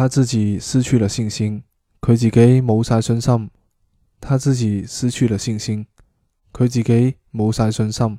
他自己失去了信心，佢自己冇晒信心。他自己失去了信心，佢自己冇晒信心。